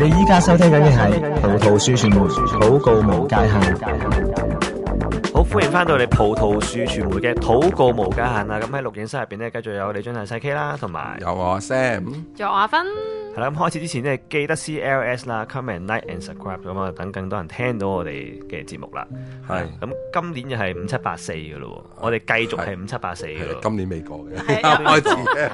你依家收聽緊嘅係葡萄樹傳媒禱告無界限，好歡迎翻到嚟葡萄樹傳媒嘅禱告無界限啊！咁喺錄影室入邊咧，繼續有李進羿細 K 啦，同埋有我 Sam，仲有阿芬。咁開始之前咧，記得 CLS 啦，comment、like and subscribe 咁啊，等更多人聽到我哋嘅節目啦。係咁，今年又係五七八四嘅咯喎，我哋繼續係五七八四嘅咯。今年未過嘅，啱開始，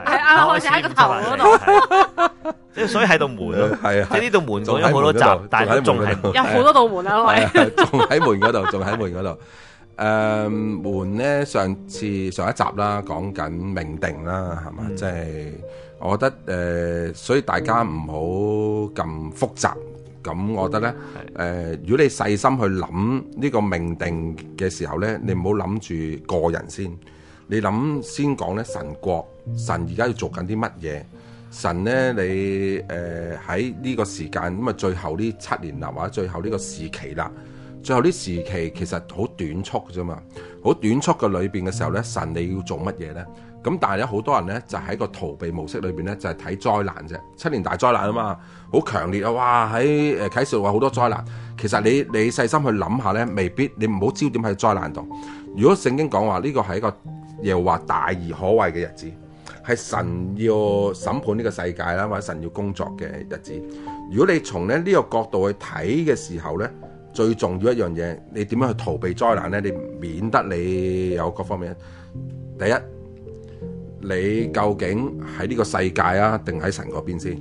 啱開始喺個頭嗰度，所以喺度門啊，係啊，喺呢度門做咗好多集，但係仲係有好多道門啊，仲喺門嗰度，仲喺門嗰度。誒門咧，上次上一集啦，講緊命定啦，係嘛？即係。我覺得誒、呃，所以大家唔好咁複雜。咁我覺得咧，誒的、呃，如果你細心去諗呢個命定嘅時候咧，你唔好諗住個人先，你諗先講咧神國，神而家要做緊啲乜嘢？神咧，你誒喺呢個時間咁啊，最後呢七年啦，或者最後呢個時期啦，最後呢時期其實好短促嘅啫嘛，好短促嘅裏邊嘅時候咧，神你要做乜嘢咧？咁但係咧，好多人咧就喺個逃避模式裏邊咧，就係睇災難啫。七年大災難啊嘛，好強烈啊！哇，喺誒啟示錄話好多災難。其實你你細心去諗下咧，未必，你唔好焦點喺災難度。如果聖經講話呢個係一個又話大而可畏嘅日子，係神要審判呢個世界啦，或者神要工作嘅日子。如果你從咧呢個角度去睇嘅時候咧，最重要一樣嘢，你點樣去逃避災難咧？你免得你有各方面。第一。你究竟喺呢個世界啊，定喺神嗰邊先？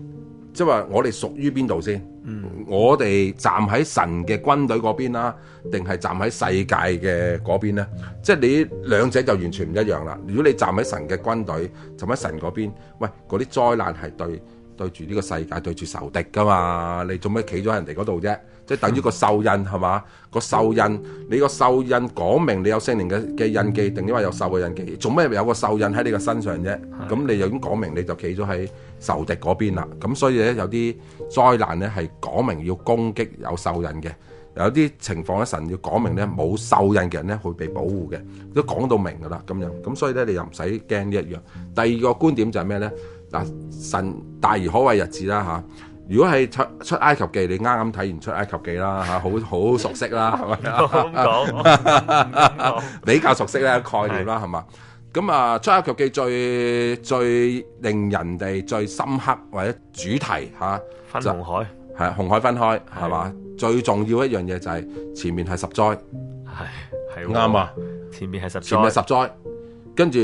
即係話我哋屬於邊度先？嗯、我哋站喺神嘅軍隊嗰邊啦、啊，定係站喺世界嘅嗰邊咧？即係你兩者就完全唔一樣啦。如果你站喺神嘅軍隊，站喺神嗰邊，喂，嗰啲災難係對對住呢個世界，對住仇敵噶嘛？你做咩企咗喺人哋嗰度啫？即係等於個獸印係嘛？個獸印，你個獸印講明你有聖靈嘅嘅印記，定抑或有獸嘅印記？做咩有個獸印喺你個身上啫？咁的你又已經講明你就企咗喺仇敵嗰邊啦。咁所以咧有啲災難咧係講明要攻擊有獸印嘅，有啲情況咧神要講明咧冇獸印嘅人咧會被保護嘅，都講到明㗎啦咁樣。咁所以咧你又唔使驚呢一樣。第二個觀點就係咩咧？嗱，神大而可畏日子啦嚇。啊如果係出出埃及記，你啱啱睇完出埃及記啦嚇，好好熟悉啦，係咪啊？唔講，唔講，比較熟悉咧概念啦，係嘛？咁啊，出埃及記最最令人哋最深刻或者主題嚇，分紅海係紅海分開係嘛？最重要一樣嘢就係前面係十災，係係啱啊！前面係十，前面十災，跟住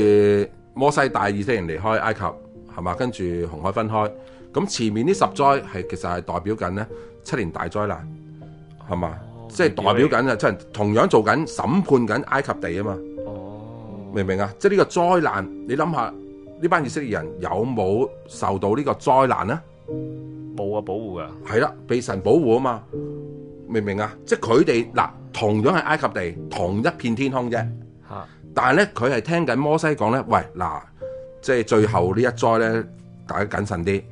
摩西帶以色列人離開埃及係嘛？跟住紅海分開。咁前面呢十災係其實係代表緊呢七年大災難，係嘛？即係代表緊啊！即係同樣做緊審判緊埃及地啊嘛。明唔明啊？即係呢個災難，你諗下呢班以色列人有冇受到呢個災難咧？冇啊！保護噶。係啦，被神保護啊嘛。明唔明啊？即係佢哋嗱，同樣係埃及地同一片天空啫。嚇！但係咧，佢係聽緊摩西講咧，喂嗱，即係最後呢一災咧，大家謹慎啲。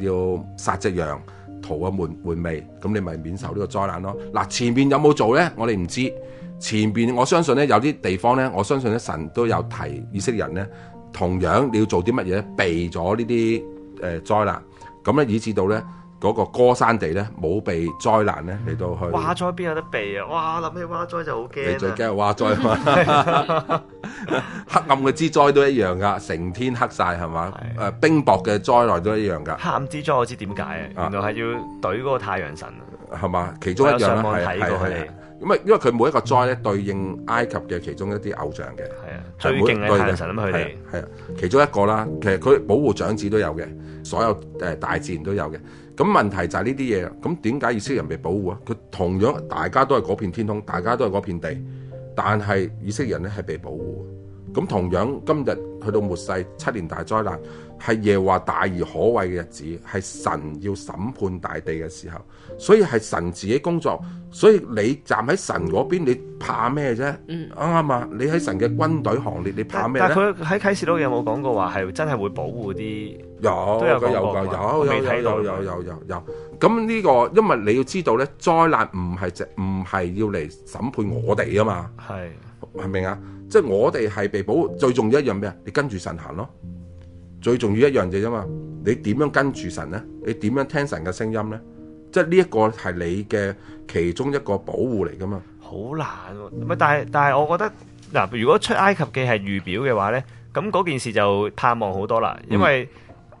要殺隻羊，塗個門門楣，咁你咪免受呢個災難咯。嗱，前面有冇做咧？我哋唔知。前邊我相信咧，有啲地方咧，我相信咧，信神都有提以色列人咧，同樣你要做啲乜嘢避咗呢啲誒災難，咁咧以至到咧。嗰個歌山地咧冇被災難咧嚟到去，哇災邊有得避啊？哇！諗起哇災就好驚啊。你最驚哇災嘛？ 黑暗嘅之災都一樣噶，成天黑晒係嘛？誒是、呃、冰雹嘅災來都一樣噶。黑暗之災我知點解啊。原來係要懟嗰個太陽神啊，係嘛？其中一樣啦，我睇過佢哋，係係係咁啊，因為佢每一個災咧對應埃及嘅其中一啲偶像嘅係啊，最勁嘅太陽神啊佢哋係啊，其中一個啦。其實佢保護長子都有嘅，所有誒大自然都有嘅。咁問題就係呢啲嘢，咁點解以色列人被保護啊？佢同樣大家都係嗰片天空，大家都係嗰片地，但係以色列人咧係被保護。咁同樣今日去到末世，七年大災難。係耶華大而可畏嘅日子，係神要審判大地嘅時候，所以係神自己工作，所以你站喺神嗰邊，你怕咩啫？啱啱、嗯、啊？你喺神嘅軍隊行列，你怕咩？但係佢喺啟示錄有冇講過話係真係會保護啲有？有有有有有有有有咁呢個，因為你要知道咧，災難唔係只唔係要嚟審判我哋啊嘛，係係咪啊？即係我哋係被保護，最重要一樣咩啊？你跟住神行咯。最重要一樣嘢啫嘛，你點樣跟住神咧？你點樣聽神嘅聲音咧？即係呢一個係你嘅其中一個保護嚟噶嘛。好難，唔係但係但係我覺得嗱，如果出埃及記係預表嘅話咧，咁嗰件事就盼望好多啦。因為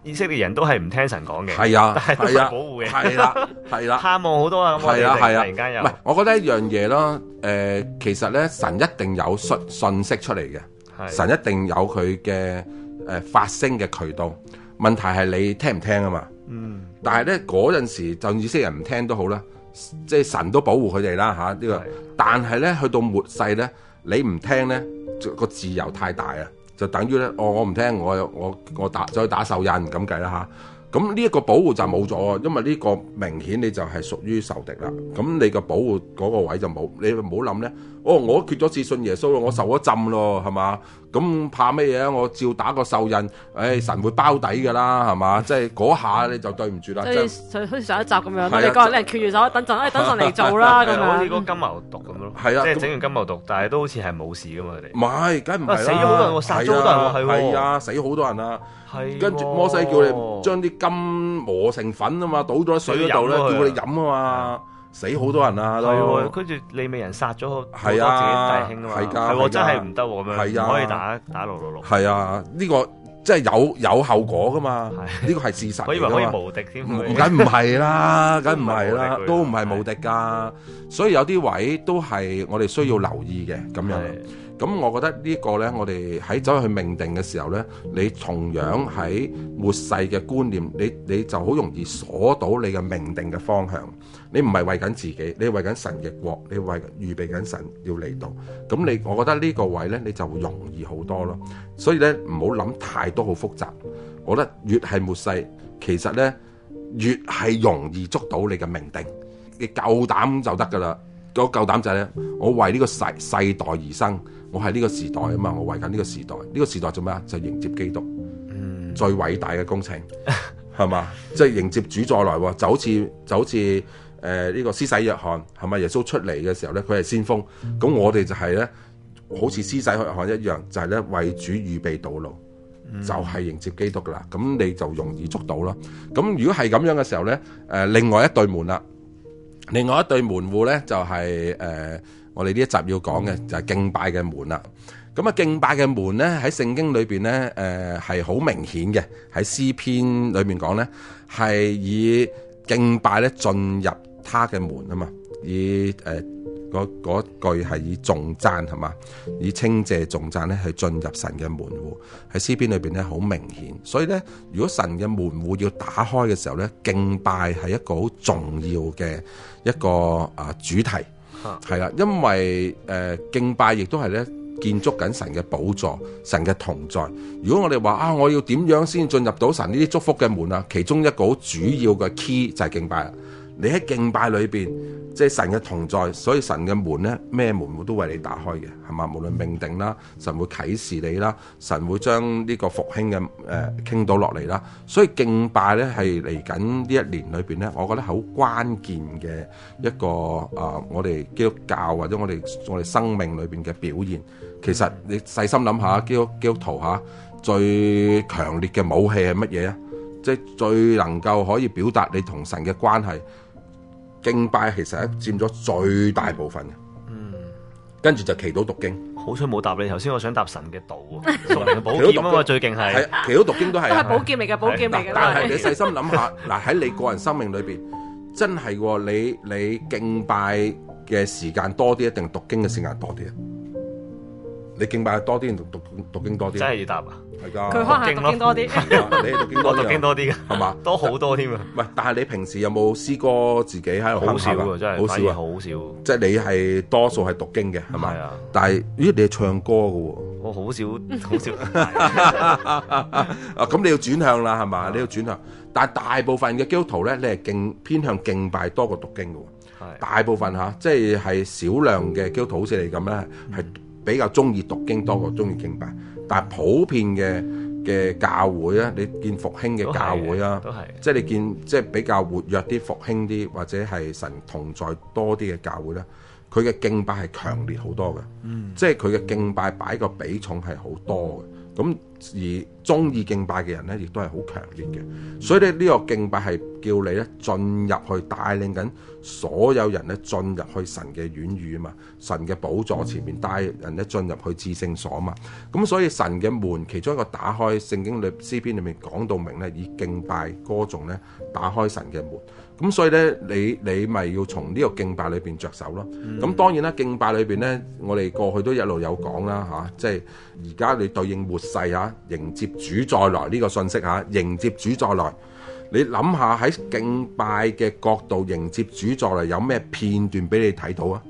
以色列人都係唔聽神講嘅，係啊，係啊，保護嘅，係啦，係啦，盼望好多啊。咁我哋突然間又唔係，我覺得一樣嘢咯。誒，其實咧神一定有訊信息出嚟嘅，神一定有佢嘅。誒、呃、發聲嘅渠道，問題係你聽唔聽啊嘛。嗯。但係咧嗰陣時就以色列人唔聽都好啦，即係神都保護佢哋啦嚇呢、啊呢個。但係咧去到末世咧，你唔聽咧，個自由太大啊，就等於咧、哦、我我唔聽我我我打再去打受印咁計啦嚇。咁呢一個保護就冇咗，因為呢個明顯你就係屬於仇敵啦。咁你個保護嗰個位就冇，你唔好諗咧。哦，我決咗志信耶穌咯，我受咗浸咯，係嘛？咁怕咩嘢啊？我照打個獸印，誒，神會包底噶啦，係嘛？即係嗰下你就對唔住啦，即係好似上一集咁樣，你個人你決完咗，等陣，哎，等神嚟做啦咁樣。好似嗰金牛犢咁咯，係啊，即係整完金牛犢，但係都好似係冇事噶嘛，佢哋唔係，梗係唔係？死咗好多人喎，殺咗好多人喎，係啊，死咗好多人啊，係，跟住摩西叫你將啲金磨成粉啊嘛，倒咗喺水嗰度咧，叫佢哋飲啊嘛。死好多人啊！係喎，跟住你未人殺咗好多自己弟兄啊嘛！係㗎，真係唔得喎咁樣，可以打打六六六。係啊，呢個即係有有後果㗎嘛？呢個係事實。以為可以無敵添。唔唔梗唔係啦，梗唔係啦，都唔係無敵㗎。所以有啲位都係我哋需要留意嘅咁樣。咁我覺得呢個呢，我哋喺走去命定嘅時候呢，你同樣喺末世嘅觀念，你你就好容易鎖到你嘅命定嘅方向。你唔係為緊自己，你係為緊神嘅國，你為預備緊神要嚟到。咁你，我覺得呢個位呢，你就會容易好多咯。所以呢，唔好諗太多，好複雜。我覺得越係末世，其實呢，越係容易捉到你嘅命定。你夠膽就得噶啦，嗰夠膽就係呢，我為呢個世世代而生。我係呢個時代啊嘛，我為緊呢個時代，呢、這個時代做咩啊？就是、迎接基督，嗯，mm. 最偉大嘅工程係嘛？即係、 就是、迎接主再來喎，就好似就好似誒呢個施洗約翰係咪？耶穌出嚟嘅時候咧，佢係先鋒，咁、mm. 我哋就係、是、咧，好似施洗約翰一樣，就係、是、咧為主預備道路，mm. 就係迎接基督噶啦，咁你就容易捉到咯。咁如果係咁樣嘅時候咧，誒、呃，另外一對門啦，另外一對門戶咧、就是，就係誒。我哋呢一集要講嘅就係敬拜嘅門啦。咁、嗯、啊，敬拜嘅門咧喺聖經裏邊咧，誒係好明顯嘅。喺詩篇裏面講咧，係以敬拜咧進入他嘅門啊嘛。以誒嗰、呃、句係以頌讚係嘛，以稱謝頌讚咧去進入神嘅門戶。喺詩篇裏邊咧好明顯。所以咧，如果神嘅門戶要打開嘅時候咧，敬拜係一個好重要嘅一個啊主題。係啦，因為誒、呃、敬拜亦都係咧，建築緊神嘅寶座，神嘅同在。如果我哋話啊，我要點樣先進入到神呢啲祝福嘅門啊？其中一個好主要嘅 key 就係敬拜啦。你喺敬拜裏邊，即係神嘅同在，所以神嘅門咧，咩門都為你打開嘅，係嘛？無論命定啦，神會啟示你啦，神會將呢個復興嘅誒、呃、傾倒落嚟啦。所以敬拜咧係嚟緊呢一年裏邊咧，我覺得好關鍵嘅一個啊、呃，我哋基督教或者我哋我哋生命裏邊嘅表現。其實你細心諗下，基督基督徒嚇最強烈嘅武器係乜嘢啊？即係最能夠可以表達你同神嘅關係。敬拜其實係佔咗最大部分嘅，嗯，跟住就祈禱讀經。好彩冇答你頭先，我想答神嘅道啊，神嘅 寶劍啊嘛， 最勁係，祈禱讀經都係。都係寶劍嚟嘅，寶劍嚟嘅。啊、但係、啊、你細心諗下，嗱喺 你個人生命裏邊，真係、啊、你你敬拜嘅時間多啲，一定讀經嘅時間多啲啊？你敬拜多啲，讀讀讀經多啲。真係要答啊！係㗎，佢去行經多啲。係啊，你讀經多啲，我讀經多啲㗎，係嘛？多好多添啊！唔係，但係你平時有冇詩歌自己喺度哼下㗎？真係好少，好少。即係你係多數係讀經嘅，係咪？係啊。但係咦，你係唱歌㗎喎？我好少，好少。啊，咁你要轉向啦，係嘛？你要轉向。但係大部分嘅基督徒咧，你係敬偏向敬拜多過讀經㗎。係。大部分嚇，即係係少量嘅基督徒好似你咁咧，係。比較中意讀經多過中意敬拜，但係普遍嘅嘅、嗯、教會咧，你見復興嘅教會啦，都係嘅、即係你見即係比較活躍啲、復興啲或者係神同在多啲嘅教會咧，佢嘅敬拜係強烈好多嘅，嗯、即係佢嘅敬拜擺個比重係好多嘅，咁、嗯。而鍾意敬拜嘅人呢，亦都係好強烈嘅，所以呢呢個敬拜係叫你呢進入去帶領緊所有人呢進入去神嘅院宇啊嘛，神嘅寶座前面帶人呢進入去至聖所嘛，咁所以神嘅門其中一個打開，聖經裏詩篇裏面講到明呢，以敬拜歌頌呢，打開神嘅門。咁所以咧，你你咪要從呢個敬拜裏邊着手咯。咁、mm hmm. 當然啦，敬拜裏邊咧，我哋過去都一路有講啦，吓、啊，即係而家你對應末世吓、啊，迎接主再來呢個信息吓、啊，迎接主再來。你諗下喺敬拜嘅角度迎接主再來有咩片段俾你睇到啊？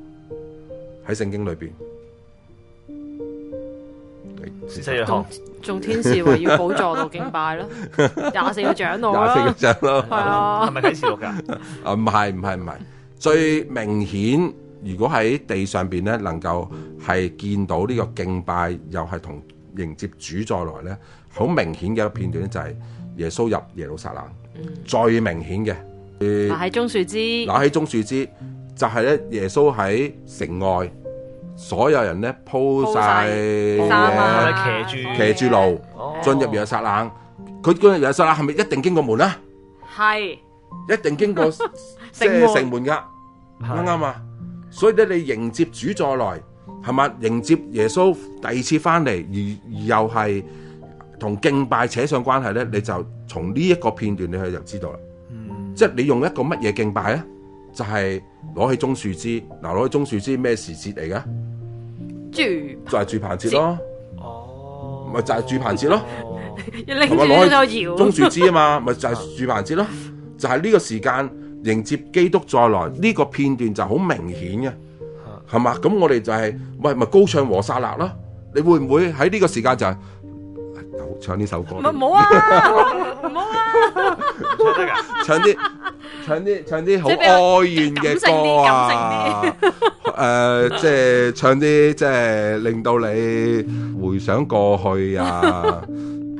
喺聖經裏邊。四樣堂，仲天使話要輔助到敬拜咯，廿 四個長老啦，廿四個長老咯，係咪啟示錄噶？啊，唔係唔係唔係，最明顯，如果喺地上邊咧，能夠係見到呢個敬拜，又係同迎接主再來咧，好明顯嘅片段咧，就係耶穌入耶路撒冷，嗯、最明顯嘅，呃、拿喺棕樹枝，拿起棕樹枝，就係、是、咧耶穌喺城外。所有人咧鋪晒，騎住騎住路，進入耶撒冷，佢嗰日耶撒冷，係咪一定經過門啦？係，一定經過城城門噶，啱唔啱啊？所以咧，你迎接主再來係咪？迎接耶穌第二次翻嚟，而而又係同敬拜扯上關係咧？你就從呢一個片段，你去就知道啦。即係你用一個乜嘢敬拜啊？就係。攞起棕樹枝，嗱，攞起棕樹枝咩時節嚟嘅？主就住就係住棚節咯。哦，咪就係住棚節咯。同埋攞起棕樹枝啊嘛，咪 就係住棚節咯。就係、是、呢個時間迎接基督再來，呢、這個片段就好明顯嘅，係嘛？咁我哋就係、是，咪咪高唱和散那咯。你會唔會喺呢個時間就係、是、唱呢首歌？咪冇啊，冇啊， 唱啲。唱啲唱啲好哀怨嘅歌啊！誒、 呃，即係唱啲即係令到你回想過去啊！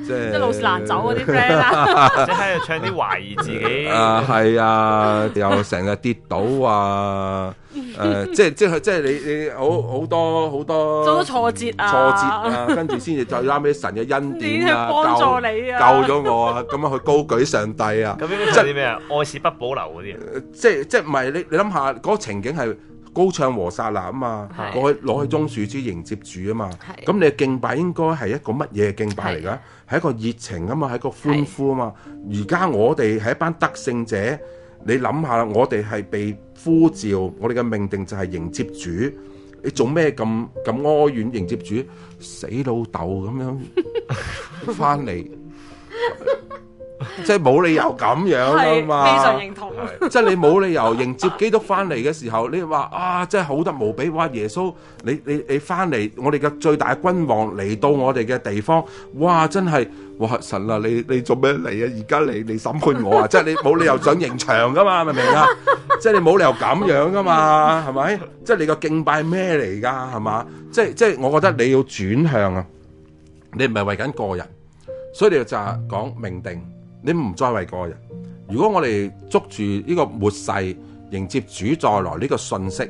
即係即係老是難走嗰啲 friend 啦，啊、 即喺度唱啲懷疑自己。 啊，係啊，又成日跌倒啊！ 誒，即係即係即係你你好好多好多挫折啊挫折啊，跟住先至再拉起神嘅恩典啊，幫助你救咗我啊，咁啊去高舉上帝啊。咁呢啲係啲咩啊？愛是不保留嗰啲即係即係唔係你你諗下嗰個情景係高唱和散那啊嘛，攞去攞去棕樹枝迎接主啊嘛。咁你嘅敬拜應該係一個乜嘢嘅敬拜嚟噶？係一個熱情啊嘛，係一個歡呼啊嘛。而家我哋係一班得勝者。你諗下啦，我哋係被呼召，我哋嘅命定就係迎接主。你做咩咁咁哀怨迎接主？死老豆咁樣翻嚟，即係冇理由咁樣啊嘛！非常認同。即係你冇理由迎接基督翻嚟嘅時候，你話啊，真係好得無比。哇！耶穌，你你你翻嚟，我哋嘅最大嘅君王嚟到我哋嘅地方，哇！真係。哇！神啊，你你做咩嚟啊？而家你你審判我啊！即係你冇理由想刑場噶嘛，明唔明啊？ 即係你冇理由咁樣噶嘛，係咪？即係你個敬拜咩嚟㗎？係嘛？即係即係，我覺得你要轉向啊！你唔係為緊個人，所以你就係講命定，你唔再為個人。如果我哋捉住呢個末世迎接主再來呢個信息，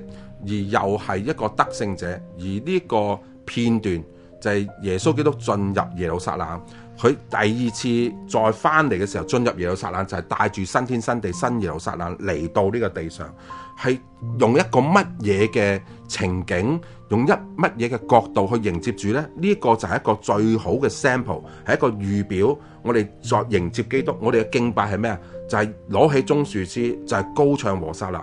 而又係一個得勝者，而呢個片段就係耶穌基督進入耶路撒冷。佢第二次再翻嚟嘅時候，進入耶路撒冷就係、是、帶住新天新地、新耶路撒冷嚟到呢個地上，係用一個乜嘢嘅情景，用一乜嘢嘅角度去迎接住呢？呢、這、一個就係一個最好嘅 sample，係一個預表我哋作迎接基督。我哋嘅敬拜係咩啊？就係、是、攞起棕樹枝，就係、是、高唱和散那。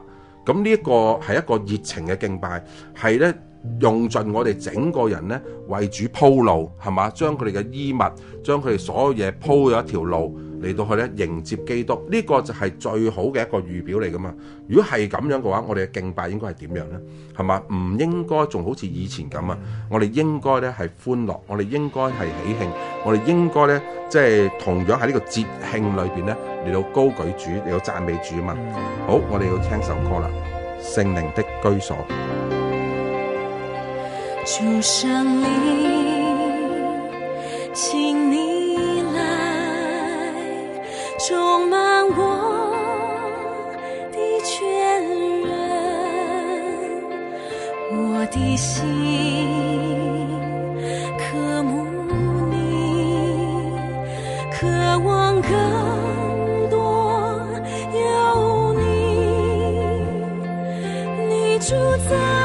咁、嗯、呢、這個、一個係一個熱情嘅敬拜，係呢。用盡我哋整個人咧為主鋪路係嘛？將佢哋嘅衣物，將佢哋所有嘢鋪咗一條路嚟到去咧迎接基督。呢個就係最好嘅一個預表嚟噶嘛？如果係咁樣嘅話，我哋嘅敬拜應該係點樣呢？係嘛？唔應該仲好似以前咁啊！我哋應該咧係歡樂，我哋應該係喜慶，我哋應該咧即係同樣喺呢個節慶裏邊咧嚟到高舉主，嚟到讚美主啊！好，我哋要聽首歌啦，《聖靈的居所》。主聖靈，請你來充滿我的全人，我的心渴慕你，渴望更多有你，你住在。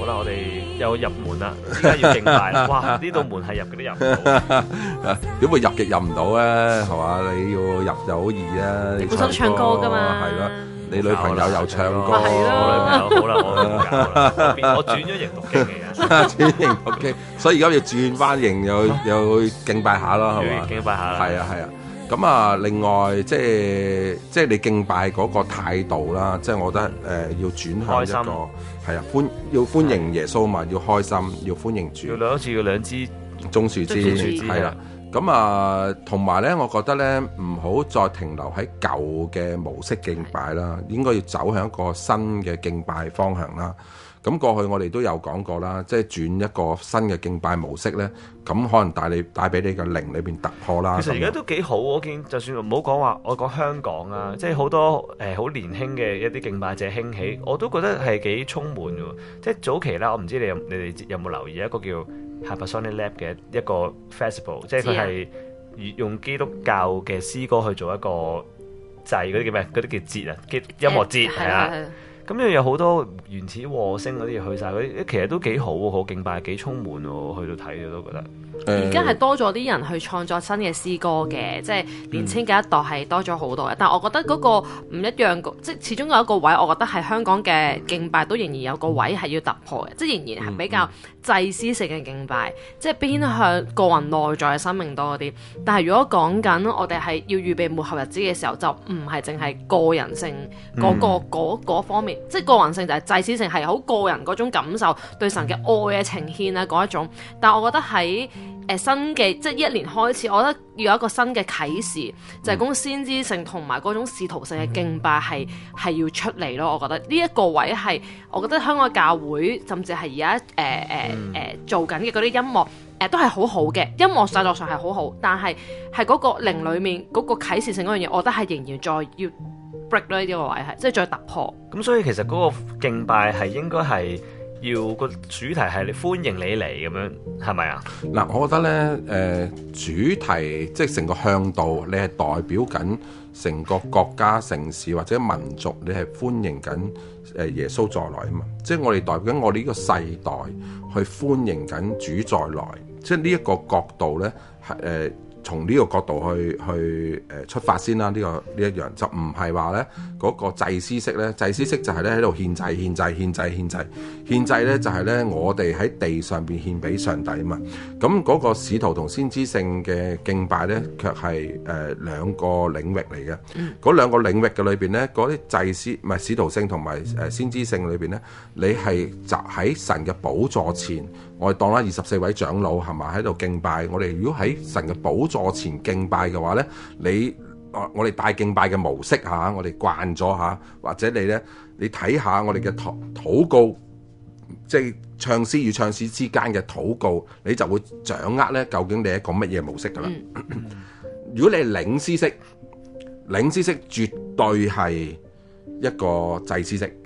好啦，我哋又入門啦，真係要敬拜啦。哇，呢道門係入幾多入？點會入極入唔到咧？係嘛？你要入就好易啊！你本身唱歌噶嘛？係咯，你女朋友又唱歌。我女朋友好啦，我轉咗型讀經嚟啊！轉型讀經，所以而家要轉翻型，又又去敬拜下咯，係嘛？敬拜下。係啊，係啊。咁啊，另外即係即係你敬拜嗰個態度啦，即係我覺得誒、呃、要轉向一個係啊心，歡要歡迎耶穌嘛，要開心，要歡迎主，要兩枝要兩支棕樹枝，係啦。咁啊，同埋咧，我覺得咧唔好再停留喺舊嘅模式敬拜啦，應該要走向一個新嘅敬拜方向啦。咁過去我哋都有講過啦，即係轉一個新嘅敬拜模式咧，咁可能帶你帶俾你嘅靈裏邊突破啦。其實而家都幾好，我見就算唔好講話，我講香港啊，嗯、即係好多誒好、呃、年輕嘅一啲敬拜者興起，我都覺得係幾充滿嘅。即係早期啦，我唔知你有你哋有冇留意一個叫 Happersonal Lab 嘅一個 Festival，即係佢係用基督教嘅詩歌去做一個祭嗰啲叫咩？嗰啲叫節啊，叫音樂節係啦。咁又有好多原始和聲嗰啲嘢去晒，嗰啲其實都幾好喎，個敬拜幾充滿喎，去到睇嘅都覺得。而家係多咗啲人去創作新嘅詩歌嘅，即係年輕嘅一代係多咗好多嘅。但係我覺得嗰個唔一樣，即係始終有一個位，我覺得係香港嘅敬拜都仍然有個位係要突破嘅，即係仍然係比較祭司性嘅敬拜，即係偏向個人內在嘅生命多啲。但係如果講緊我哋係要預備末後日子嘅時候，就唔係淨係個人性嗰、嗰個嗰方面。即係個人性就係祭祀性，係好個人嗰種感受，對神嘅愛啊、呈現啊嗰一種。但係我覺得喺誒、呃、新嘅即係一年開始，我覺得要有一個新嘅啟示，就係、是、講先知性同埋嗰種仕途性嘅敬拜係係要出嚟咯。我覺得呢一、這個位係，我覺得香港教會甚至係而家誒誒誒做緊嘅嗰啲音樂誒、呃、都係好好嘅，音樂製作上係好好，但係係嗰個靈裡面嗰、那個啟示性嗰樣嘢，我覺得係仍然再要。break 啦呢、這個位係，即係再突破。咁所以其實嗰個敬拜係應該係要個主題係你歡迎你嚟咁樣，係咪啊？嗱，我覺得咧誒、呃、主題即係成個向度，你係代表緊成個國家、城市或者民族，你係歡迎緊誒耶穌再來啊嘛。即係我哋代表緊我哋呢個世代去歡迎緊主再來，即係呢一個角度咧係誒。呃從呢個角度去去誒、呃、出發先啦，呢、這個呢一樣就唔係話咧嗰個祭司式咧，祭司式就係咧喺度獻祭、獻祭、獻祭、獻祭呢，獻祭咧就係、是、咧我哋喺地上邊獻俾上帝啊嘛。咁、那、嗰個使徒同先知性嘅敬拜咧，卻係誒兩個領域嚟嘅。嗰兩、嗯、個領域嘅裏邊咧，嗰啲祭司唔係使徒性同埋誒先知性裏邊咧，你係集喺神嘅寶座前。我哋當啦，二十四位長老係咪喺度敬拜？我哋如果喺神嘅寶座前敬拜嘅話咧，你我哋帶敬拜嘅模式嚇，我哋慣咗嚇，或者你咧，你睇下我哋嘅禱告，嗯、即係唱詩與唱詩之間嘅禱告，你就會掌握咧究竟你係講乜嘢模式噶啦、嗯。 如果你係領詩式，領詩式絕對係一個祭司式。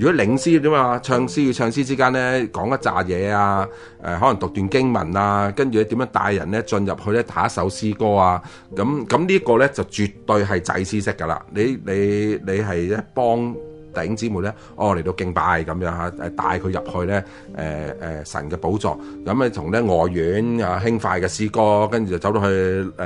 如果領詩點啊？唱詩與唱詩之間咧，講一紮嘢啊，誒、呃，可能讀段經文啊，跟住咧點樣帶人咧進入去咧打一首詩歌啊，咁咁呢個咧就絕對係祭司式㗎喇。你你你係一幫。弟兄姊妹咧，哦嚟到敬拜咁樣吓，誒帶佢入去咧，誒、呃、誒、呃、神嘅寶座，咁咧同咧外院啊輕快嘅詩歌，跟住就走到去誒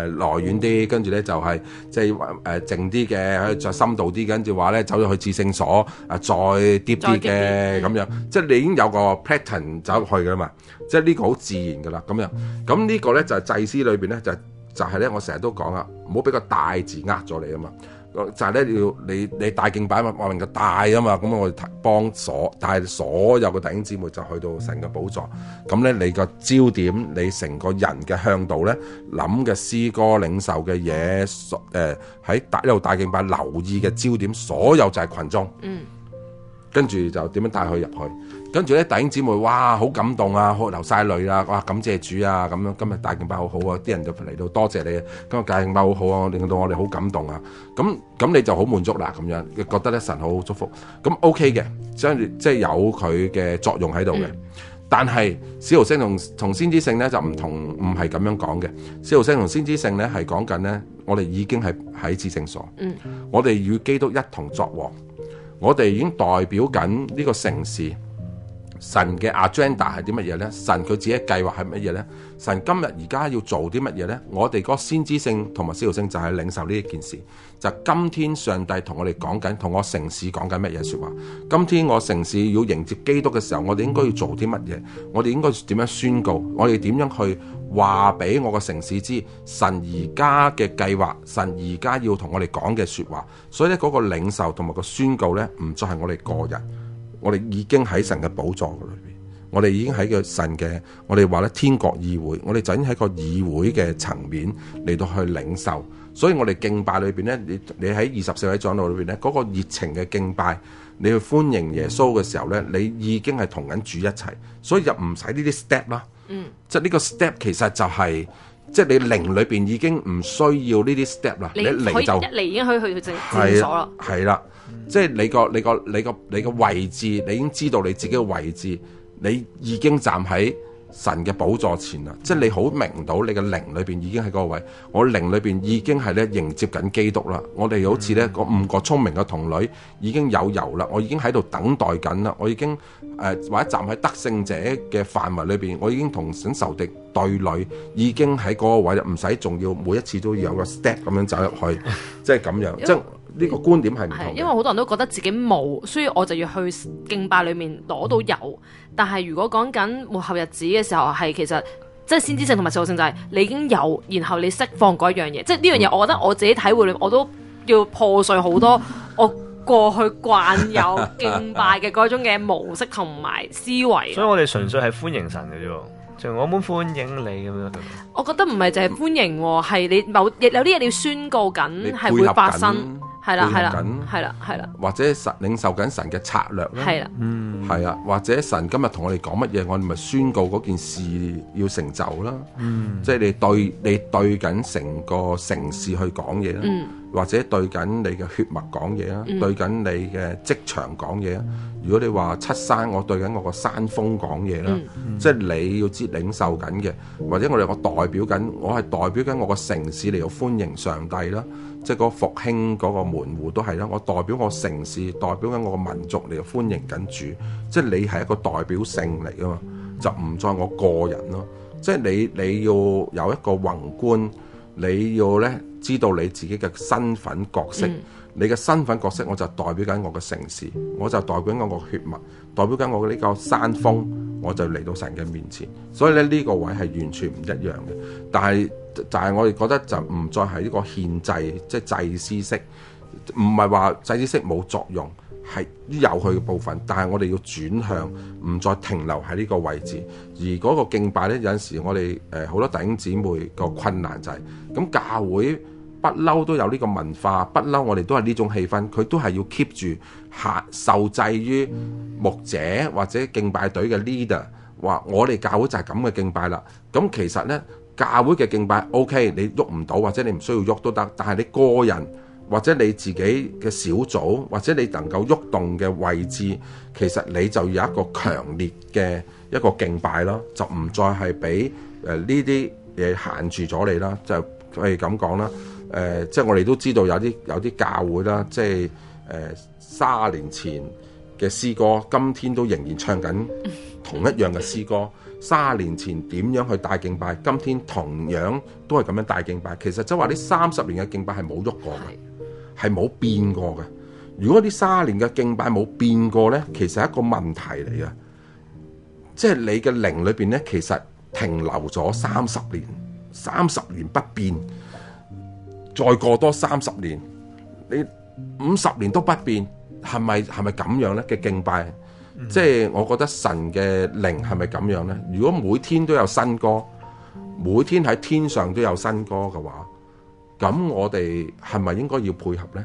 內院啲，跟住咧就係、是、即係誒、呃、靜啲嘅，再深度啲，跟住話咧走咗去至聖所啊，再跌啲嘅咁樣，即係你已經有個 pattern 走入去噶啦嘛，即係呢個好自然噶啦，咁樣，咁、這個、呢個咧就係、是、祭司裏邊咧就是、就係、是、咧、就是、我成日都講啦，唔好俾個大字呃咗你啊嘛。就係咧，要你你大敬拜話明就大啊嘛，咁我哋幫所，但係所有個弟兄姊妹就去到成嘅寶座，咁咧你個焦點，你成個人嘅向度咧，諗嘅詩歌領袖嘅嘢，誒、呃、喺大一路大敬拜留意嘅焦點，所有就係群眾。嗯，跟住就點樣帶佢入去？跟住咧，弟兄姊妹，哇，好感動啊！好流晒淚啦、啊，哇、啊，感謝主啊！咁樣今日大件包好好啊，啲人就嚟到多謝你、啊。今日大件包好好啊，令到我哋好感動啊。咁咁你就好滿足啦、啊，咁樣覺得咧神好好祝福咁 OK 嘅，即係即係有佢嘅作用喺度嘅。嗯、但係使徒性同同先知性咧就唔同，唔係咁樣講嘅。使徒性同先知性咧係講緊咧，我哋已經係喺至聖所，嗯、我哋與基督一同作王，我哋已經代表緊呢個城市。神嘅 agenda 係啲乜嘢呢？神佢自己計劃係乜嘢呢？神今日而家要做啲乜嘢呢？我哋個先知性同埋使徒性就係領受呢一件事，就是，今天上帝同我哋講緊，同我城市講緊乜嘢說話？今天我城市要迎接基督嘅時候，我哋應該要做啲乜嘢？我哋應該點樣宣告？我哋點樣去話俾我個城市知神而家嘅計劃？神而家要同我哋講嘅說話？所以咧嗰個領受同埋個宣告呢，唔再係我哋個人。我哋已經喺神嘅寶座裏邊，我哋已經喺個神嘅，我哋話咧天國議會，我哋就已經喺個議會嘅層面嚟到去領受，所以我哋敬拜裏邊咧，你你喺二十四位長老裏邊咧，嗰個熱情嘅敬拜，你去歡迎耶穌嘅時候咧，你已經係同緊主一齊，所以就唔使呢啲 step 啦。嗯，即係呢個 step 其實就係即係你靈裏邊已經唔需要呢啲 step 啦，一嚟就一嚟已經可以去到至聖所啦。係啦。即係你個你個你個你個位置，你已經知道你自己嘅位置，你已經站喺神嘅寶座前啦。嗯、即係你好明到你嘅靈裏邊已經喺嗰個位，我靈裏邊已經係咧迎接緊基督啦。我哋好似咧嗰五個聰明嘅童女已經有油啦，我已經喺度等待緊啦，我已經誒、呃、或者站喺得勝者嘅範圍裏邊，我已經同神仇敵對壘，已經喺嗰個位，唔使仲要每一次都要有個 step 咁樣走入去，嗯、即係咁樣， 即 呢個觀點係唔同，因為好多人都覺得自己冇，所以我就要去敬拜裡面攞到有。嗯、但係如果講緊末後日子嘅時候，係其實即係先知性同埋使徒性就係你已經有，然後你釋放嗰一樣嘢。即係呢樣嘢，我覺得我自己體會裏我都要破碎好多我過去慣有敬拜嘅嗰種嘅模式同埋思維。 所以我哋純粹係歡迎神嘅啫，就我們歡迎你咁樣。我覺得唔係淨係歡迎，係你某有啲嘢你要宣告緊係會發生。係啦，係啦，係啦，係啦，或者神領受緊神嘅策略咧，係啦的，嗯，係啊，或者神今日同我哋講乜嘢，我哋咪宣告嗰件事要成就啦，嗯，即係你對，你對緊成個城市去講嘢啦。嗯或者對緊你嘅血脈講嘢啦，對緊你嘅職場講嘢啦。如果你話七山，我對緊我個山峰講嘢啦，即係你要知領受緊嘅，或者我哋我代表緊，我係代表緊我個城市嚟去歡迎上帝啦，即係嗰個復興嗰個門戶都係啦。我代表我城市，代表緊我個民族嚟去歡迎緊主，即係你係一個代表性嚟噶嘛，就唔再我個人咯。即係你你要有一個宏觀。你要咧知道你自己嘅身份角色，嗯、你嘅身份角色我就代表緊我嘅城市，我就代表緊我嘅血脈，代表緊我嘅呢個山峰，我就嚟到神嘅面前。所以咧呢、呢個位係完全唔一樣嘅。但係就係我哋覺得就唔再係呢個獻祭，即係祭司式，唔係話祭司式冇作用，係有佢嘅部分。但係我哋要轉向，唔再停留喺呢個位置。而嗰個敬拜咧有陣時我哋誒好多弟兄姊妹個困難就係、是。咁教會不嬲都有呢個文化，不嬲我哋都係呢種氣氛，佢都係要 keep 住吓受制於牧者或者敬拜隊嘅 leader，話我哋教會就係咁嘅敬拜啦。咁其實呢，教會嘅敬拜 O.K. 你喐唔到或者你唔需要喐都得，但係你個人或者你自己嘅小組或者你能夠喐動嘅位置，其實你就有一個強烈嘅一個敬拜咯，就唔再係俾誒呢啲嘢限住咗你啦，就係。以咁講啦，誒、呃，即係我哋都知道有啲有啲教會啦，即係誒，三十、呃、年前嘅詩歌，今天都仍然唱緊同一樣嘅詩歌。三十年前點樣去帶敬拜，今天同樣都係咁樣帶敬拜。其實即係話呢三十年嘅敬拜係冇喐過嘅，係冇的變過嘅。如果啲三十年嘅敬拜冇變過呢，其實係一個問題嚟嘅，即、就、係、是、你嘅靈裏邊呢，其實停留咗三十年。三十年不變，再過多三十年，你五十年都不變，係咪係咪咁樣呢？嘅敬拜，即係我覺得神嘅靈係咪咁樣呢？如果每天都有新歌，每天喺天上都有新歌嘅話，咁我哋係咪應該要配合呢？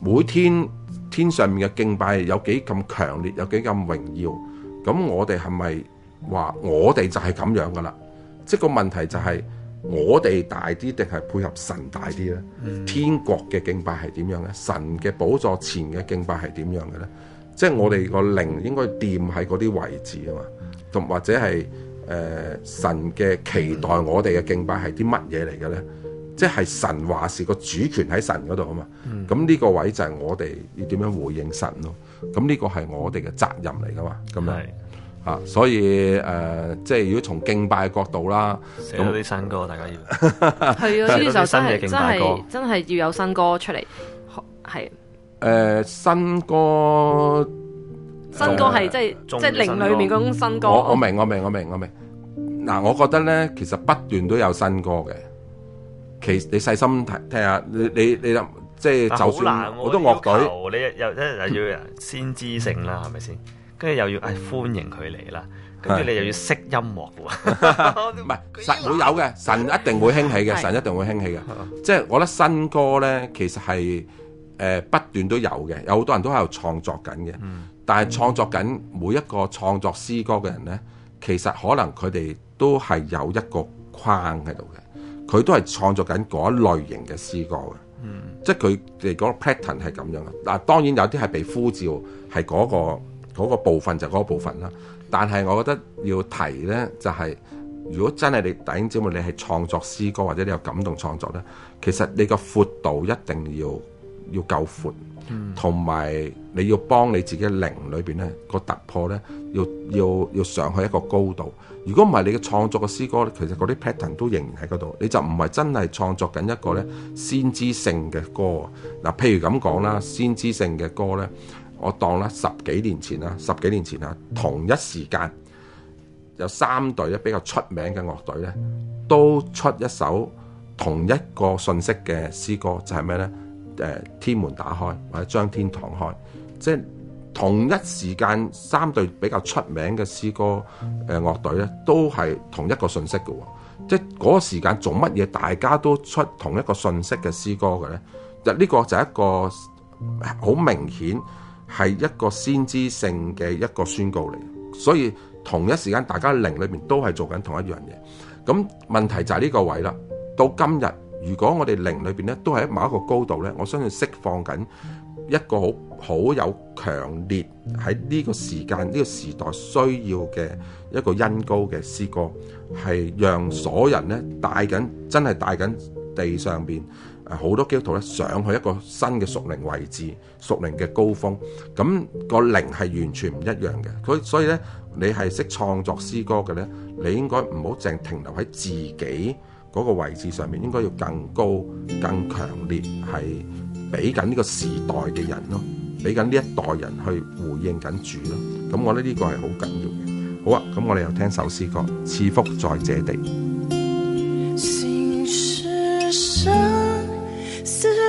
每天天上面嘅敬拜有幾咁強烈，有幾咁榮耀，咁我哋係咪話我哋就係咁樣噶啦？即係個問題就係、是。我哋大啲定係配合神大啲咧？天國嘅敬拜係點樣咧？神嘅寶座前嘅敬拜係點樣嘅咧？即係我哋個靈應該掂喺嗰啲位置啊嘛，同或者係誒、呃、神嘅期待我哋嘅敬拜係啲乜嘢嚟嘅咧？即係神話是個主權喺神嗰度啊嘛，咁呢個位就係我哋要點樣回應神咯、啊。咁呢個係我哋嘅責任嚟噶嘛，咁樣。啊，所以誒、呃，即係如果從敬拜嘅角度啦，寫多啲新歌，大家要係啊，呢啲就真係真係真係要有新歌出嚟，係誒、呃、新歌，嗯、新歌係即係、嗯、即係靈裏面嗰種新歌。嗯、我明，我明，我明，我明。嗱、啊，我覺得咧，其實不斷都有新歌嘅，其實你細心睇睇下，你你你即係就算好多樂隊，你又真係要人先知性啦，係咪先？跟住又要係、啊、歡迎佢嚟啦，跟住是你又要識音樂喎，唔係神會有嘅，神一定會興起嘅，是神一定會興起嘅。即係是我覺得新歌咧，其實係誒、呃、不斷都有嘅，有好多人都喺度創作緊嘅。嗯、但係創作緊每一個創作詩歌嘅人咧，其實可能佢哋都係有一個框喺度嘅，佢都係創作緊嗰一類型嘅詩歌嘅。嗯，即係佢哋嗰個 pattern 係咁樣嘅。嗱，當然有啲係被呼召係嗰、嗰個。嗰個部分就嗰個部分啦，但係我覺得要提呢，就係、是、如果真係你等於係你係創作詩歌或者你有感動創作呢，其實你個闊度一定要要夠闊，同埋、嗯、你要幫你自己靈裏邊呢個突破呢，要要要上去一個高度。如果唔係你嘅創作嘅詩歌，呢，其實嗰啲 pattern 都仍然喺嗰度，你就唔係真係創作緊一個呢先知性嘅歌。嗱、啊，譬如咁講啦，先知性嘅歌呢。我當咧十幾年前啦，十幾年前啊，同一時間有三隊咧比較出名嘅樂隊咧，都出一首同一個信息嘅詩歌，就係、是、咩呢？誒、呃，天門打開或者將天堂開，即係同一時間三隊比較出名嘅詩歌誒、呃、樂隊咧，都係同一個信息嘅喎、哦。即係嗰個時間做乜嘢，大家都出同一個信息嘅詩歌嘅咧。就、這、呢個就係一個好明顯。係一個先知性嘅一個宣告嚟，所以同一時間大家靈裏面都係做緊同一樣嘢。咁問題就係呢個位啦。到今日，如果我哋靈裏邊咧都係喺某一個高度咧，我相信釋放緊一個好好有強烈喺呢個時間呢個時代需要嘅一個恩膏嘅詩歌，係讓所人咧帶緊真係帶緊地上邊。好多基督徒咧，上去一個新嘅屬靈位置、屬靈嘅高峰，咁個靈係完全唔一樣嘅。所以所以咧，你係識創作詩歌嘅咧，你應該唔好淨停留喺自己嗰個位置上面，應該要更高、更強烈，係俾緊呢個時代嘅人咯，俾緊呢一代人去回應緊主咯。咁我覺得呢個係好緊要嘅。好啊，咁我哋又聽首詩歌，《賜福在這地》。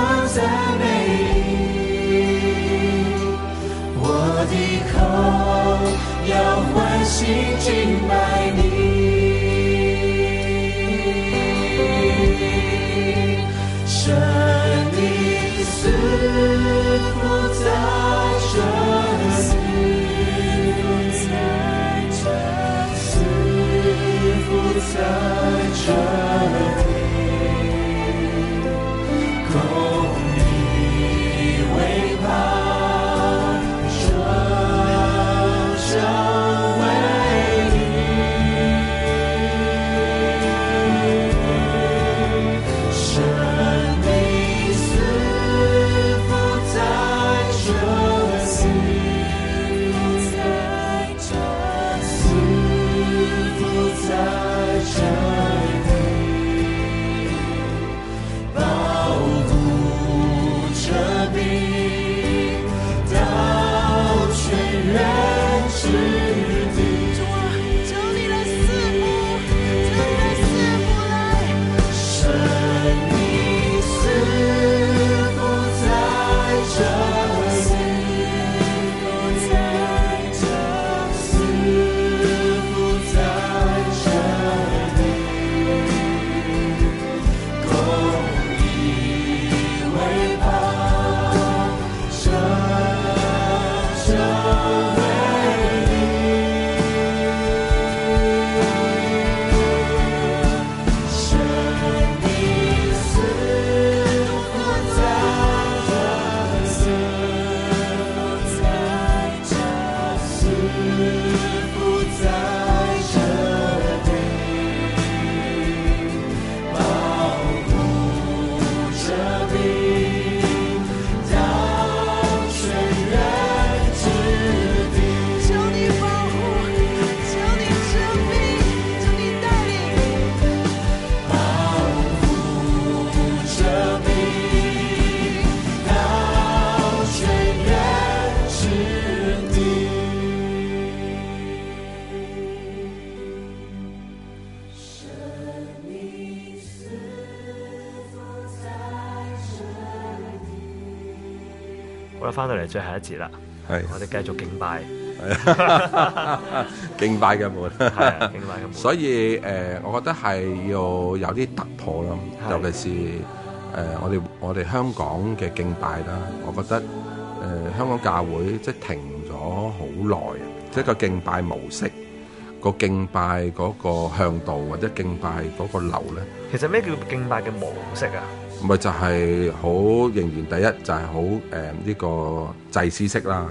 稱讚美麗，我的口要喚醒敬拜你。最後一節啦，係我哋繼續敬拜，敬拜嘅門，係敬拜嘅門。所以誒，我覺得係要有啲突破啦，尤其是誒我哋我哋香港嘅敬拜啦，我覺得誒香港教會即係停咗好耐，即係個敬拜模式，個敬拜嗰個向度或者敬拜嗰個流咧。其實咩叫敬拜嘅模式啊？咪就係好仍然第一就係好誒呢個祭司式啦，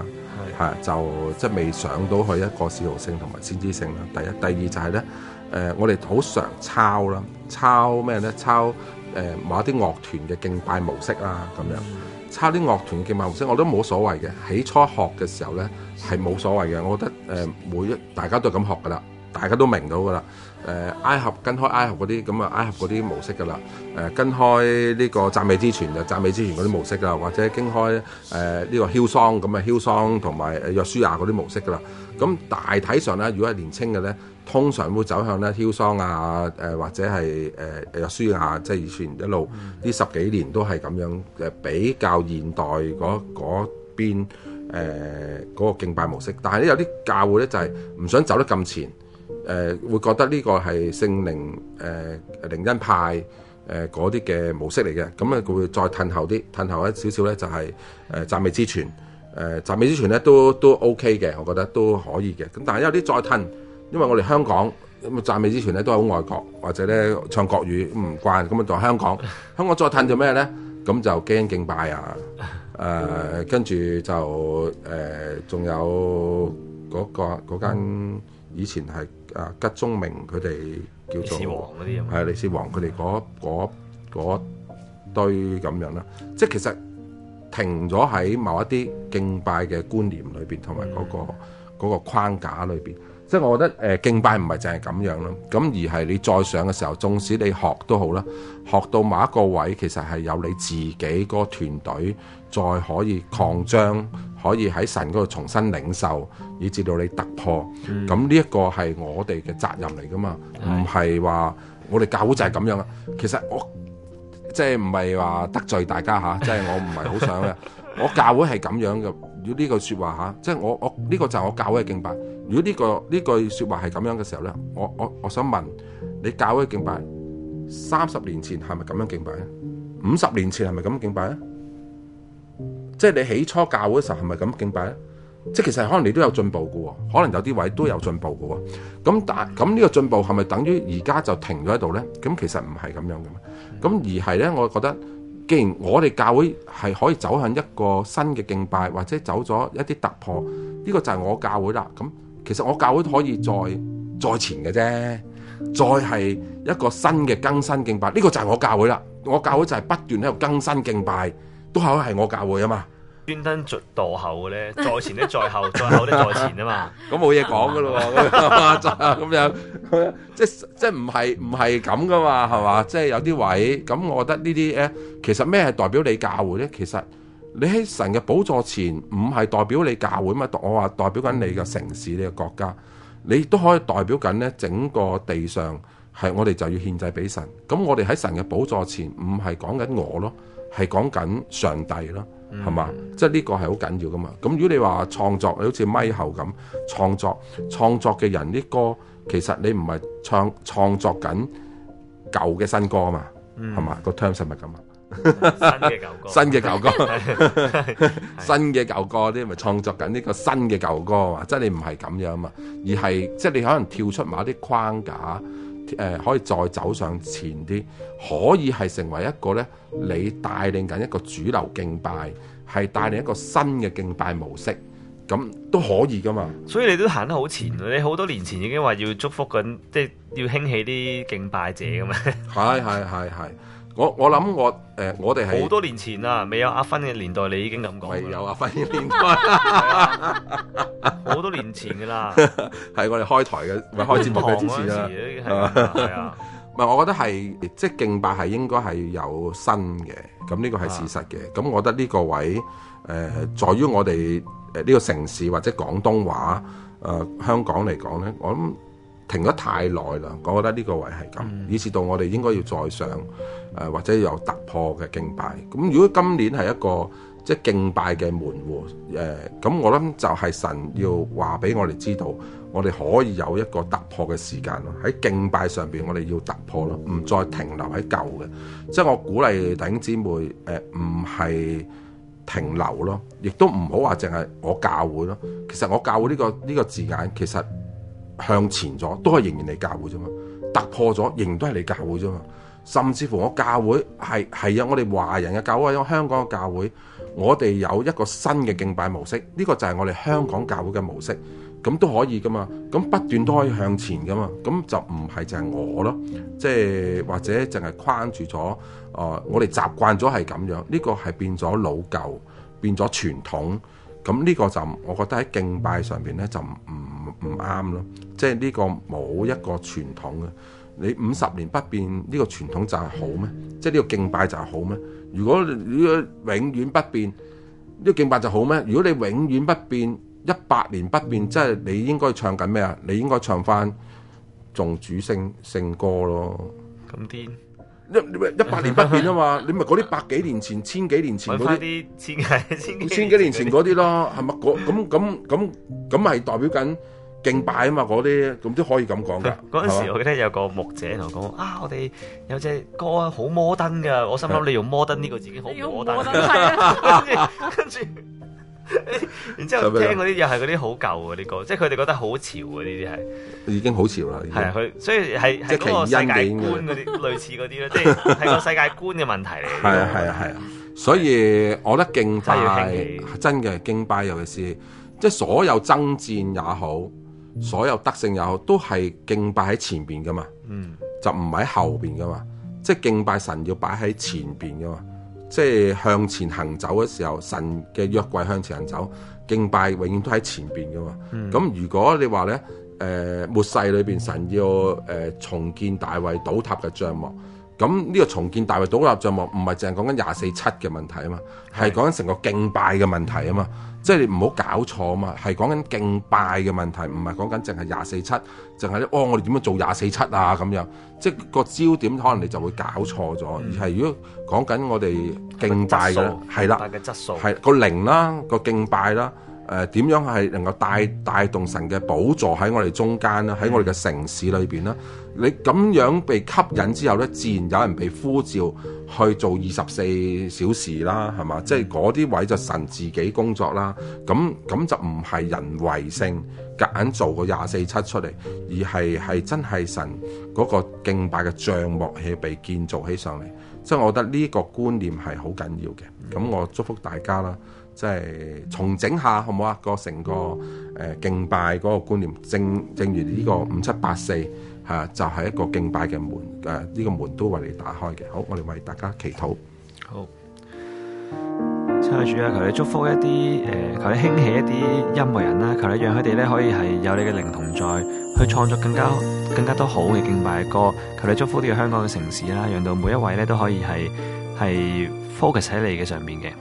嚇的就即係未上到去一個使徒性同埋先知性啦。第一第二就係咧誒，我哋好常抄啦，抄咩咧？抄誒、呃、某一啲樂團嘅敬拜模式啦，咁樣抄啲樂團敬拜模式，我都冇所謂嘅。起初學嘅時候咧係冇所謂嘅，我覺得誒、呃、每一大家都咁學㗎啦。大家都明到噶啦，誒、呃，埃及跟開埃及嗰啲咁啊，埃及啲模式噶啦，誒、呃、跟開呢個讚美之泉就讚美之泉嗰啲模式啦，或者經開誒呢、呃呢個 Hillsong 咁啊 Hillsong 同埋約書亞嗰啲模式噶啦。咁大體上咧，如果係年青嘅咧，通常會走向咧 Hillsong 啊，誒、呃、或者係誒約書亞即係以前一路呢十幾年都係咁樣誒比較現代嗰嗰邊誒嗰、呃嗰個敬拜模式。但係咧有啲教會咧就係唔想走得咁前。誒、呃、會覺得呢個係聖靈誒、呃、靈恩派誒嗰啲嘅模式嚟嘅，咁啊佢會再褪後啲，褪後一少少咧就係誒讚美之泉，誒讚美之泉咧都都 OK 嘅，我覺得都可以嘅。咁但係有啲再褪，因為我哋香港咁啊讚美之泉咧都係好外國，或者咧唱國語唔慣，咁啊當香港香港再褪做咩咧？咁就驚敬拜啊！誒、呃嗯、跟住就誒仲、呃、有嗰、嗰個嗰間以前係。誒、啊、吉中明佢哋叫做，係啊，李氏王佢哋嗰堆咁樣啦，即係其實停咗喺某一啲敬拜嘅觀念裏邊同埋嗰個嗰、嗯、個框架裏邊，即係我覺得誒、呃、敬拜唔係淨係咁樣咯，咁而係你再上嘅時候，縱使你學都好啦，學到某一個位，其實係有你自己嗰個團隊。再可以擴張，可以喺神嗰度重新領受，以至到你突破。咁呢一個係我哋嘅責任嚟噶嘛？唔係話我哋教會就係咁樣啦。其實我即係唔係話得罪大家嚇、啊，即係我唔係好想嘅。 我教會係咁樣嘅。如果呢句説話嚇、啊，即係我我呢、呢個就係我教會嘅敬拜。如果呢、呢個呢句説話係咁樣嘅時候咧，我我我想問你教會嘅敬拜三十年前係咪咁樣敬拜咧？五十年前係咪咁樣敬拜咧？即係你起初教會嘅時候係咪咁敬拜咧？即係其實可能你都有進步嘅喎，可能有啲位都有進步嘅喎。咁但咁呢個進步係咪等於而家就停咗喺度呢？咁其實唔係咁樣嘅，咁而係呢，我覺得既然我哋教會係可以走向一個新嘅敬拜，或者走咗一啲突破，呢個就係我教會啦。咁其實我教會可以再再前嘅啫，再係一個新嘅更新敬拜。呢個就係我教會啦。我教會就係不斷喺度更新敬拜。都係係我教會啊嘛，專登做墮後嘅咧，在前咧，在後，在 後咧，在前啊嘛，咁冇嘢講噶咯，咁樣咁樣即係即係唔係唔係咁噶嘛，係、 就是就是、嘛？即係、就是、有啲位咁，我覺得呢啲誒，其實咩係代表你教會咧？其實你喺神嘅寶座前，唔係代表你教會嘛。我話代表緊你嘅城市，你嘅國家，你都可以代表緊咧整個地上係我哋就要獻祭俾神。咁我哋喺神嘅寶座前，唔係講緊我咯。係講緊上帝咯，係、嗯、嘛？即係呢個係好緊要噶嘛。咁如果你話創作，好似咪後咁創作創作嘅人啲歌，其實你唔係創創作緊舊嘅新歌嘛，係嘛、嗯？個 theme 係咪咁啊？新嘅舊歌， 新嘅舊歌， 新嘅舊歌啲咪、 就是、創作緊呢個新嘅舊歌啊！即係你唔係咁樣嘛，而係即係你可能跳出某啲框架。誒、呃、可以再走上前啲，可以係成為一個咧，你帶領緊一個主流敬拜，係帶領一個新嘅敬拜模式，咁都可以噶嘛。所以你都行得好前，你好多年前已經話要祝福緊，即係要興起啲敬拜者噶嘛。係係係係。我我諗我誒，我哋係好多年前啦、啊，未有阿芬嘅年代，你已經咁講，係有阿芬嘅年代好多年前噶啦，係、 啊、我哋開台嘅， 開節目嘅之前。啦，係啊，唔係、啊，我覺得係即係敬拜係應該係有新嘅，咁呢個係事實嘅，咁我覺得呢個位誒，在、呃、於我哋誒呢個城市或者廣東話誒、呃呃、香港嚟講咧，我諗。我停咗太耐啦，我覺得呢個位係咁，嗯、以至到我哋應該要再上，誒、呃、或者有突破嘅敬拜。咁如果今年係一個即係敬拜嘅門戶，誒、呃、咁我諗就係神要話俾我哋知道，我哋可以有一個突破嘅時間咯。喺敬拜上邊，我哋要突破咯，唔再停留喺舊嘅。即係我鼓勵弟兄姊妹誒，唔、呃、係停留咯，亦都唔好話淨係我教會咯。其實我教會呢、呢個呢、呢個字眼其實。向前咗，都係仍然嚟教會啫嘛！突破咗，仍然都係嚟教會啫嘛！甚至乎我教會係係有我哋華人嘅教會，有香港嘅教會，我哋有一個新嘅敬拜模式，呢個就係我哋香港教會嘅模式，咁都可以噶嘛！咁不斷都可以向前噶嘛！咁就唔係就係我咯，即係或者淨係框住咗啊、呃！我哋習慣咗係咁樣，呢個係變咗老舊，變咗傳統，咁呢個就我覺得喺敬拜上邊咧就唔。唔啱咯，即係呢個冇一個傳統嘅。你五十年不變呢個傳統就係好咩？即係呢個敬拜就係好咩？如果如果永遠不變呢個敬拜就好咩？如果你永遠不變一百年不變，即係 你應該唱緊咩啊？你應該唱翻頌主聖聖歌咯。咁癲一百年不變啊嘛！你咪嗰啲百幾年前、千幾年前嗰啲千,千幾千千幾年前嗰啲咯，係咪？ 嗰咁咁咁咁係代表緊。敬拜啊嘛，嗰啲咁都可以咁講噶。嗰陣時吧我記得有個牧者同我講：啊，我哋有隻歌好摩登噶，我心諗你用摩登呢個字已經好摩登。跟住後，跟住， 然之後聽嗰啲又係嗰啲好舊嘅啲、呢個、歌，即係佢哋覺得好潮嘅呢啲係已經好潮啦。係佢所以係係嗰個世界觀啲 類似嗰啲咧，即係係個世界觀嘅問題嚟。係啊係啊係啊，所以我覺得敬拜真嘅敬拜，尤其是，尤其是即係所有爭戰也好，所有德性又好，都係敬拜喺前邊噶嘛，嗯、就唔喺後邊噶嘛。即係敬拜神要擺喺前邊噶嘛，即係向前行走嘅時候，神嘅約櫃向前行走，敬拜永遠都喺前邊噶嘛。咁、嗯嗯、如果你話咧，誒、呃、末世裏邊神要誒、呃、重建大衛倒塌嘅帳幕，咁呢個重建大衛倒塌帳幕唔係淨係講緊廿四七嘅問題啊嘛，係講緊成個敬拜嘅問題啊嘛。即係你唔好搞錯啊嘛，係講緊敬拜嘅問題，唔係講緊淨係廿四七，淨係咧哦，我哋點樣做廿四七啊咁樣，即係個焦點可能你就會搞錯咗。嗯、而係如果講緊我哋敬拜嘅係啦，嘅質素係個零啦，個敬拜啦。誒點、呃、樣係能夠帶帶動神嘅寶座喺我哋中間咧，喺我哋嘅城市裏邊咧，你咁樣被吸引之後咧，自然有人被呼召去做二十四小時啦，係嘛？即係嗰啲位就神自己工作啦，咁咁就唔係人為性夾硬做個廿四七出嚟，而係係真係神嗰個敬拜嘅帳幕係被建造起上嚟，即係我覺得呢個觀念係好緊要嘅，咁我祝福大家啦。即係重整下，好唔好啊？個成個誒、呃、敬拜嗰個觀念，正正如呢個五七八四嚇，就係、是、一個敬拜嘅門誒，呢、啊這個門都為你打開嘅。好，我哋為大家祈禱。好，差主啊，求你祝福一啲誒、呃，求你興起一啲音樂人啦，求你讓佢哋咧可以係有你嘅靈同在，去創作更加更加多好嘅敬拜嘅歌。求你祝福呢個香港嘅城市啦，讓到每一位咧都可以係係 focus 喺你嘅上面嘅。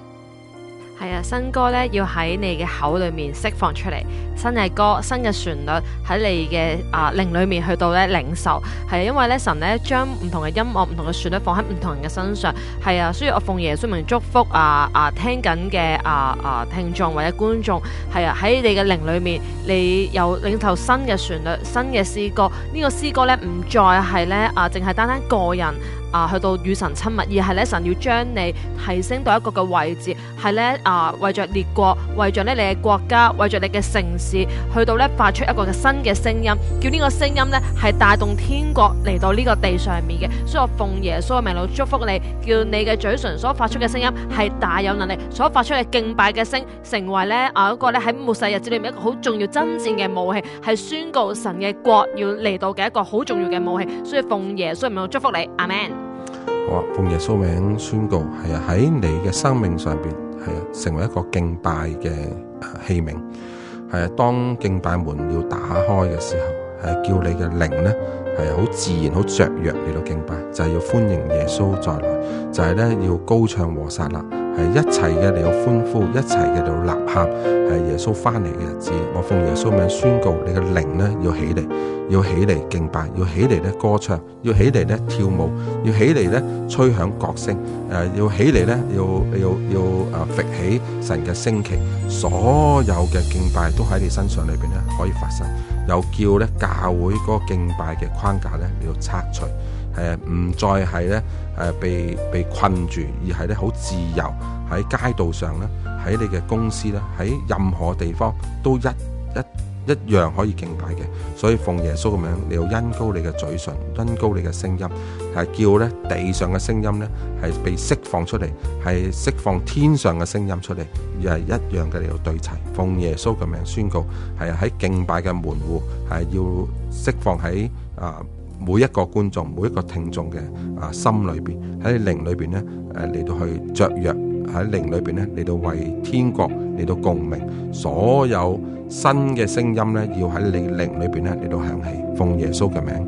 係啊，新歌咧要喺你嘅口裏面釋放出嚟，新嘅歌、新嘅旋律喺你嘅啊靈裏面去到咧領受，係啊，因為咧神咧將唔同嘅音樂、唔同嘅旋律放喺唔同人嘅身上，係啊，所以我奉耶穌名祝福啊啊，聽緊嘅啊啊聽眾或者觀眾，係啊喺你嘅靈裏面，你又領受新嘅旋律、新嘅詩歌，呢個詩歌咧唔再係咧啊，淨係單單個人。啊、呃，去到與神親密，而係咧神要將你提升到一個嘅位置，係咧啊為着列國，為着咧你嘅國家，為着你嘅城市，去到咧發出一個嘅新嘅聲音，叫呢個聲音咧係帶動天國嚟到呢個地上面嘅。所以我奉耶穌嘅命令祝福你，叫你嘅嘴唇所發出嘅聲音係大有能力，所發出嘅敬拜嘅聲，成為咧啊一個咧喺末世日子裏面一個好重要征戰嘅武器，係宣告神嘅國要嚟到嘅一個好重要嘅武器。所以奉耶穌嘅命令祝福你阿們奉耶穌名宣告，係喺你嘅生命上邊，係成為一個敬拜嘅器皿。係當敬拜門要打開嘅時候，係叫你嘅靈咧，係好自然、好雀躍嚟到敬拜，就係、是、要歡迎耶穌再來，就係、是、咧要高唱和散啦。係一齊嘅嚟到歡呼，一齊嘅嚟到吶喊，係耶穌翻嚟嘅日子，我奉耶穌名宣告，你嘅靈咧要起嚟，要起嚟敬拜，要起嚟咧歌唱，要起嚟咧跳舞，要起嚟咧吹響角聲，誒，要起嚟咧，要要要誒，起神嘅升旗，所有嘅敬拜都喺你身上裏邊咧可以發生，又叫咧教會嗰個敬拜嘅框架咧你要拆除，誒，唔再係咧。誒，被被困住，而係咧好自由喺街道上咧，喺你嘅公司咧，喺任何地方都一一一樣可以敬拜嘅。所以奉耶穌嘅名，你要恩高你嘅嘴唇，恩高你嘅聲音，係叫咧地上嘅聲音咧係被釋放出嚟，係釋放天上嘅聲音出嚟，而係一樣嘅你要對齊。奉耶穌嘅名宣告，係喺敬拜嘅門戶，係要釋放喺啊。每一個觀眾、每一個聽眾嘅啊心裏邊，喺靈裏邊咧，誒嚟到去雀躍，喺靈裏邊咧嚟到為天國嚟到共鳴，所有新嘅聲音咧，要喺你靈裏邊咧嚟到響起，奉耶穌嘅名。